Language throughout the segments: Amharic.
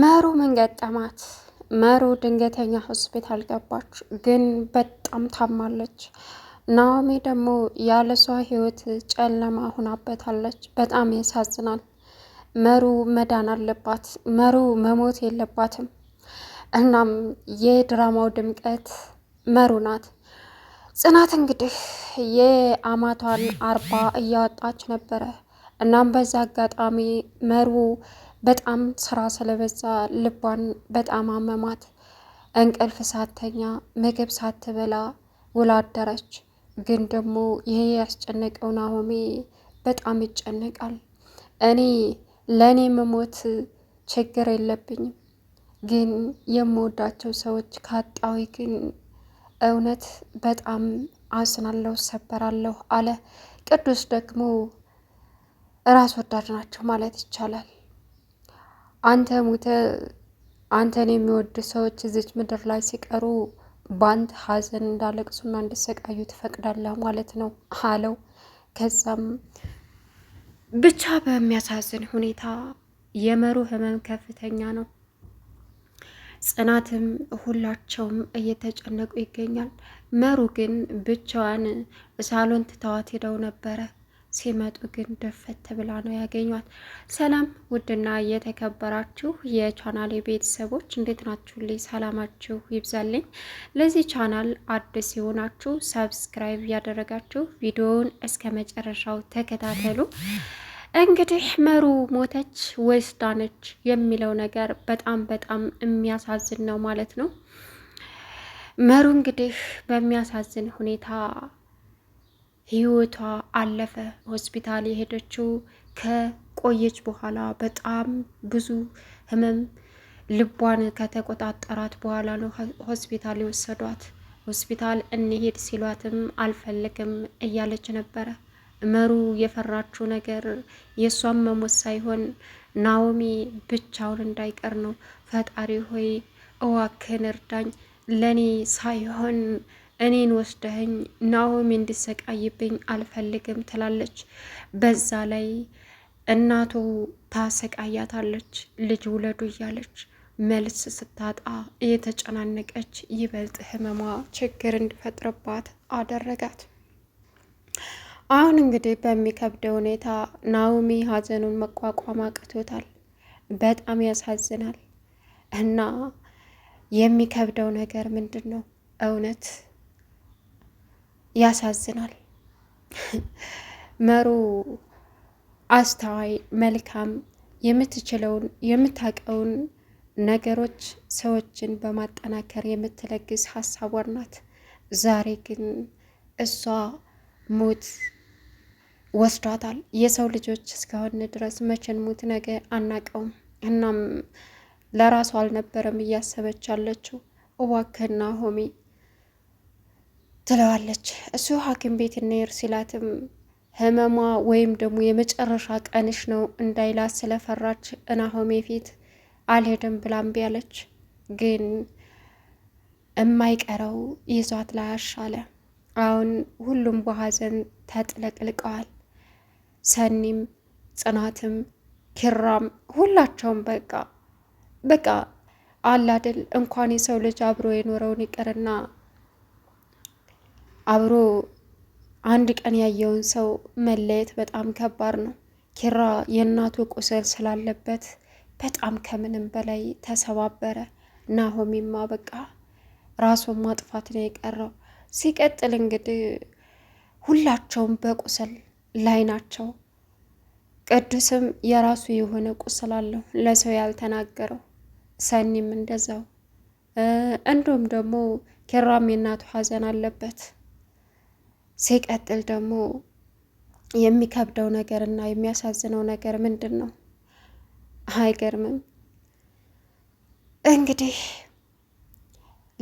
መሩ ምን ገጠማት? መሩ ድንገተኛ ሆስፒታል ገባች፣ ግን በጣም ታማለች። ናኦሚ ደግሞ ያለሷ ህይወት ጨለማ ሆናበታለች። በጣም ያሳዝናል። መሩ መዳን አለባት። መሩ መሞት የለባትም። እናም የድራማው ድምቀት መሩ ናት። ጽናት እንግዲህ የአማቷን አርባ እያወጣች ነበረ። እናም በዛ አጋጣሚ መሩ በጣም ስራ ስለበዛ ልቧን በጣም አመማት። እንቅልፍ ሳተኛ ምግብ ሳትበላ ውላ አደረች። ግን ደግሞ ይሄ ያስጨነቀው ናሆሜ በጣም ይጨነቃል። እኔ ለእኔ መሞት ችግር የለብኝም፣ ግን የምወዳቸው ሰዎች ካጣዊ ግን እውነት በጣም አዝናለሁ፣ ሰበራለሁ አለ። ቅዱስ ደግሞ ራስ ወዳድ ናቸው ማለት ይቻላል። አንተ ሙተ አንተን የሚወዱ ሰዎች እዚች ምድር ላይ ሲቀሩ በአንተ ሀዘን እንዳለቅሱና እንድሰቃዩ ትፈቅዳለህ ማለት ነው አለው። ከዛም ብቻ በሚያሳዝን ሁኔታ የመሩ ህመም ከፍተኛ ነው። ጽናትም ሁላቸውም እየተጨነቁ ይገኛል። መሩ ግን ብቻዋን ሳሎን ትተዋት ሄደው ነበረ። ሲመጡ ግን ደፈት ብላ ነው ያገኟት። ሰላም ውድና የተከበራችሁ የቻናል ቤተሰቦች እንዴት ናችሁ? ልይ ሰላማችሁ ይብዛልኝ። ለዚህ ቻናል አዲስ የሆናችሁ ሰብስክራይብ ያደረጋችሁ ቪዲዮውን እስከ መጨረሻው ተከታተሉ። እንግዲህ መሩ ሞተች ወይስ ዳነች የሚለው ነገር በጣም በጣም የሚያሳዝን ነው ማለት ነው። መሩ እንግዲህ በሚያሳዝን ሁኔታ ህይወቷ አለፈ። ሆስፒታል የሄደችው ከቆየች በኋላ በጣም ብዙ ህመም ልቧን ከተቆጣጠራት በኋላ ነው ሆስፒታል የወሰዷት። ሆስፒታል እንሄድ ሲሏትም አልፈልግም እያለች ነበረ። መሩ የፈራችው ነገር የእሷም መሞት ሳይሆን ናኦሚ ብቻውን እንዳይቀር ነው። ፈጣሪ ሆይ እዋክን እርዳኝ፣ ለኔ ሳይሆን እኔን ወስደኸኝ ናሆም እንዲሰቃይብኝ አልፈልግም ትላለች። በዛ ላይ እናቱ ታሰቃያታለች ልጅ ውለዱ እያለች መልስ ስታጣ እየተጨናነቀች ይበልጥ ህመሟ ችግር እንዲፈጥርባት አደረጋት። አሁን እንግዲህ በሚከብደ ሁኔታ ናኦሚ ሀዘኑን መቋቋም አቅቶታል። በጣም ያሳዝናል። እና የሚከብደው ነገር ምንድን ነው እውነት ያሳዝናል። መሩ አስተዋይ፣ መልካም፣ የምትችለውን የምታውቀውን ነገሮች ሰዎችን በማጠናከር የምትለግስ ሀሳቧን ናት። ዛሬ ግን እሷ ሞት ወስዷታል። የሰው ልጆች እስካሁን ድረስ መቼን ሞት ነገ አናቀውም። እናም ለራሷ አልነበረም እያሰበች ያለችው እዋክህና ሆሜ ትለዋለች። እሱ ሐኪም ቤት እንሂድ ሲላትም ህመሟ ወይም ደግሞ የመጨረሻ ቀንሽ ነው እንዳይላት ስለፈራች እናሆሜ ፊት አልሄድም ብላም ቢያለች ግን የማይቀረው ይዟት ላያሽ አለ። አሁን ሁሉም በሀዘን ተጥለቅልቀዋል። ሰኒም፣ ጽናትም፣ ኪራም ሁላቸውም በቃ በቃ አላድል እንኳን የሰው ልጅ አብሮ የኖረውን ይቅርና አብሮ አንድ ቀን ያየውን ሰው መለየት በጣም ከባድ ነው። ኪራ የእናቱ ቁስል ስላለበት በጣም ከምንም በላይ ተሰባበረ። ናሆሚማ በቃ ራሱን ማጥፋት ነው የቀረው። ሲቀጥል እንግዲህ ሁላቸውም በቁስል ላይ ናቸው። ቅዱስም የራሱ የሆነ ቁስል አለው ለሰው ያልተናገረው፣ ሰኒም እንደዛው፣ እንዲሁም ደግሞ ኪራም የእናቱ ሀዘን አለበት። ሲቀጥል ደግሞ የሚከብደው ነገር እና የሚያሳዝነው ነገር ምንድን ነው? አይገርምም እንግዲህ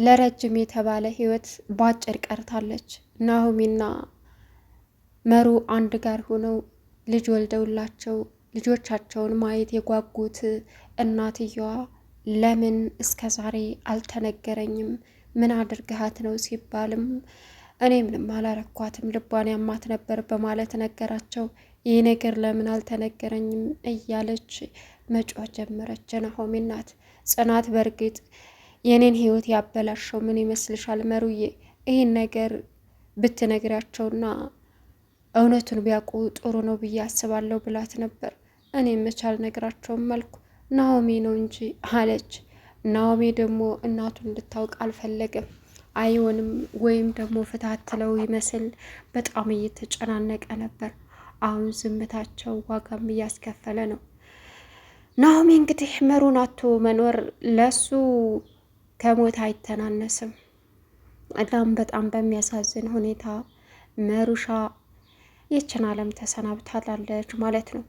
ለረጅም የተባለ ህይወት በአጭር ቀርታለች። ናሆሚና መሩ አንድ ጋር ሆነው ልጅ ወልደውላቸው ልጆቻቸውን ማየት የጓጉት እናትየዋ ለምን እስከ ዛሬ አልተነገረኝም? ምን አድርግሃት ነው ሲባልም እኔ ምንም አላረኳትም ልቧን ያማት ነበር በማለት ነገራቸው። ይህ ነገር ለምን አልተነገረኝም እያለች መጮህ ጀመረች ናሆሜ ናት። ጽናት በእርግጥ የኔን ህይወት ያበላሸው ምን ይመስልሻል መሩዬ? ይህን ነገር ብትነግሪያቸውና እውነቱን ቢያውቁ ጥሩ ነው ብዬ አስባለሁ ብላት ነበር። እኔ መቻል ነግራቸውም መልኩ ናሆሜ ነው እንጂ አለች። ናሆሜ ደግሞ እናቱን እንድታውቅ አልፈለገም። አይሆንም ወይም ደግሞ ፍታት ይመስል በጣም እየተጨናነቀ ነበር። አሁን ዝምታቸው ዋጋም እያስከፈለ ነው። ናሆሚ እንግዲህ መሩን አቶ መኖር ለሱ ከሞት አይተናነስም። እናም በጣም በሚያሳዝን ሁኔታ መሩሻ ይችን ዓለም ተሰናብታላለች ማለት ነው።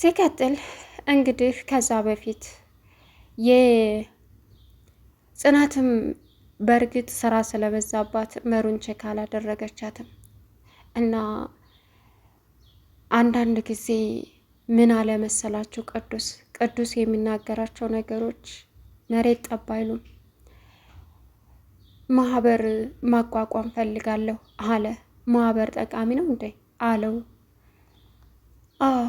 ሲቀጥል እንግዲህ ከዛ በፊት የጽናትም በእርግጥ ስራ ስለበዛባት መሩን ቼክ አላደረገቻትም እና አንዳንድ ጊዜ ምን አለ ቅዱስ ቅዱስ የሚናገራቸው ነገሮች መሬት ጠብ አይሉም። ማህበር ማቋቋም ፈልጋለሁ አለ። ማህበር ጠቃሚ ነው እንዴ አለው። አዎ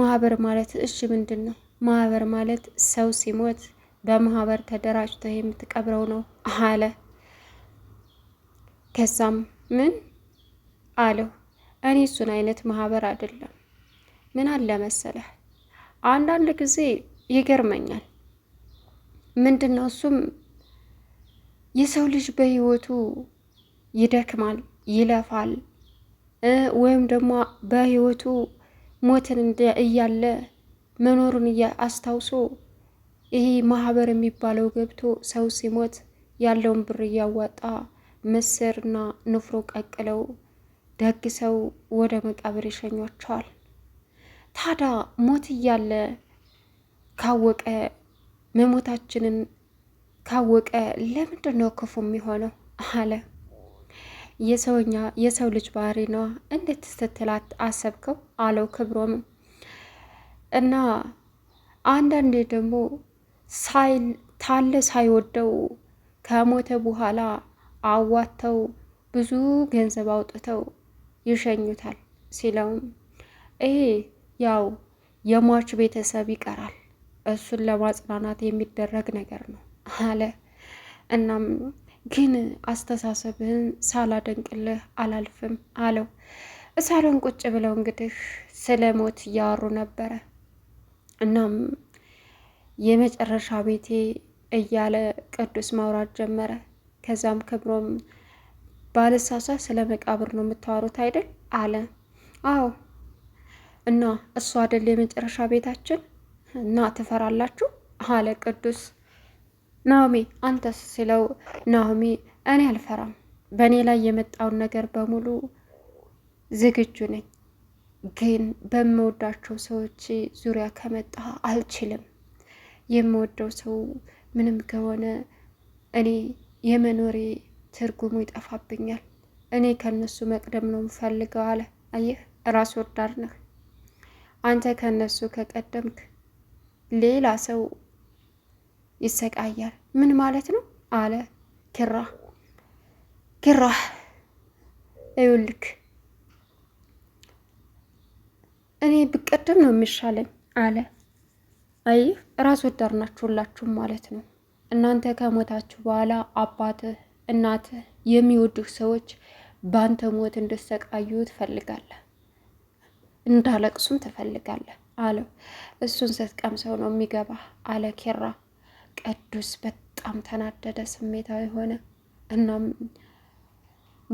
ማህበር ማለት እሺ፣ ምንድን ነው ማህበር ማለት? ሰው ሲሞት በማህበር ተደራጅተ የምትቀብረው ነው አለ። ከዛም ምን አለው፣ እኔ እሱን አይነት ማህበር አይደለም። ምን አለ መሰለህ፣ አንዳንድ ጊዜ ይገርመኛል። ምንድን ነው እሱም የሰው ልጅ በህይወቱ ይደክማል፣ ይለፋል ወይም ደግሞ በህይወቱ ሞትን እያለ መኖሩን አስታውሶ ይሄ ማህበር የሚባለው ገብቶ ሰው ሲሞት ያለውን ብር እያዋጣ ምስርና ንፍሮ ቀቅለው ደግሰው ወደ መቃብር ይሸኟቸዋል። ታዲያ ሞት እያለ ካወቀ መሞታችንን ካወቀ ለምንድን ነው ክፉ የሚሆነው? አለ የሰውኛ የሰው ልጅ ባህሪ ነዋ። እንዴት ስትላት አሰብከው አለው ክብሮም እና አንዳንዴ ደግሞ ታለ ሳይወደው ከሞተ በኋላ አዋተው ብዙ ገንዘብ አውጥተው ይሸኙታል ሲለውም ይሄ ያው የሟች ቤተሰብ ይቀራል እሱን ለማጽናናት የሚደረግ ነገር ነው አለ። እናም ግን አስተሳሰብህን ሳላደንቅልህ አላልፍም አለው። እሳሎን ቁጭ ብለው እንግዲህ ስለ ሞት እያወሩ ነበረ። እናም የመጨረሻ ቤቴ እያለ ቅዱስ ማውራት ጀመረ። ከዛም ክብሮም ባለሳሳ ስለ መቃብር ነው የምታወሩት አይደል? አለ። አዎ። እና እሱ አይደል የመጨረሻ ቤታችን እና ትፈራላችሁ? አለ ቅዱስ። ናሆሚ አንተስ? ሲለው ናሆሚ እኔ አልፈራም፣ በእኔ ላይ የመጣውን ነገር በሙሉ ዝግጁ ነኝ፣ ግን በምወዳቸው ሰዎች ዙሪያ ከመጣ አልችልም የምወደው ሰው ምንም ከሆነ እኔ የመኖሬ ትርጉሙ ይጠፋብኛል። እኔ ከነሱ መቅደም ነው ምፈልገው አለ። አየህ ራስ ወዳድ ነህ አንተ። ከነሱ ከቀደምክ ሌላ ሰው ይሰቃያል። ምን ማለት ነው አለ ኪራ። ኪራ እዩልክ እኔ ብቀደም ነው የሚሻለኝ አለ አይ ራስ ወዳድ ናችሁ ሁላችሁም ማለት ነው። እናንተ ከሞታችሁ በኋላ አባትህ እናትህ የሚወዱህ ሰዎች በአንተ ሞት እንድሰቃዩ ትፈልጋለህ፣ እንዳለቅሱም ትፈልጋለህ አለው። እሱን ስትቀምሰው ነው የሚገባ አለ ኪራ። ቅዱስ በጣም ተናደደ፣ ስሜታዊ ሆነ። እናም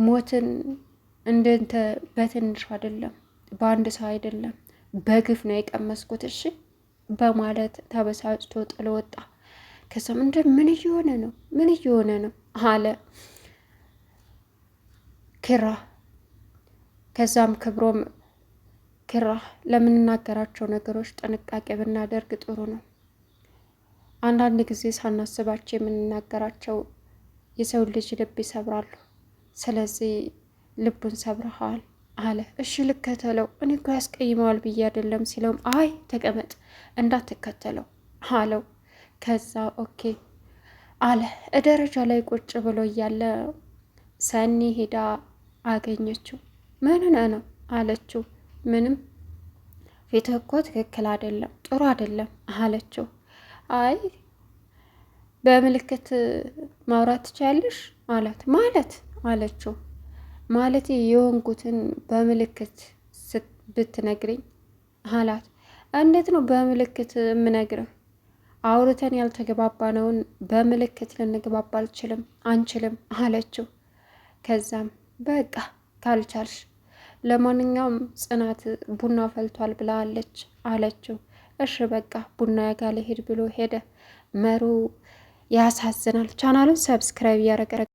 ሞትን እንደንተ በትንሹ አይደለም፣ በአንድ ሰው አይደለም፣ በግፍ ነው የቀመስኩት። እሺ በማለት ተበሳጭቶ ጥሎ ወጣ። ከዛም እንደ ምን እየሆነ ነው ምን እየሆነ ነው አለ ኪራ። ከዛም ክብሮም ኪራ፣ ለምንናገራቸው ነገሮች ጥንቃቄ ብናደርግ ጥሩ ነው። አንዳንድ ጊዜ ሳናስባቸው የምንናገራቸው የሰው ልጅ ልብ ይሰብራሉ። ስለዚህ ልቡን ሰብረሃል አለ። እሺ ልከተለው፣ እኔ እኮ ያስቀይመዋል ብዬ አይደለም ሲለውም፣ አይ ተቀመጥ እንዳትከተለው አለው። ከዛ ኦኬ አለ። ደረጃ ላይ ቁጭ ብሎ እያለ ሰኒ ሄዳ አገኘችው። ምን ነው አለችው። ምንም ፊትህ እኮ ትክክል አይደለም፣ ጥሩ አይደለም አለችው። አይ በምልክት ማውራት ትችያለሽ አላት። ማለት አለችው ማለት የሆንኩትን በምልክት ብትነግርኝ አላት። እንዴት ነው በምልክት የምነግርህ? አውርተን ነውን በምልክት ልንግባባ አልችልም አንችልም አለችው። ከዛም በቃ ካልቻልሽ ለማንኛውም ጽናት ቡና ፈልቷል ብላ አለች አለችው። እሺ በቃ ቡና ያጋለ ሄድ ብሎ ሄደ። መሩ ያሳዝናል። ቻናሉን ሰብስክራይብ እያረገረ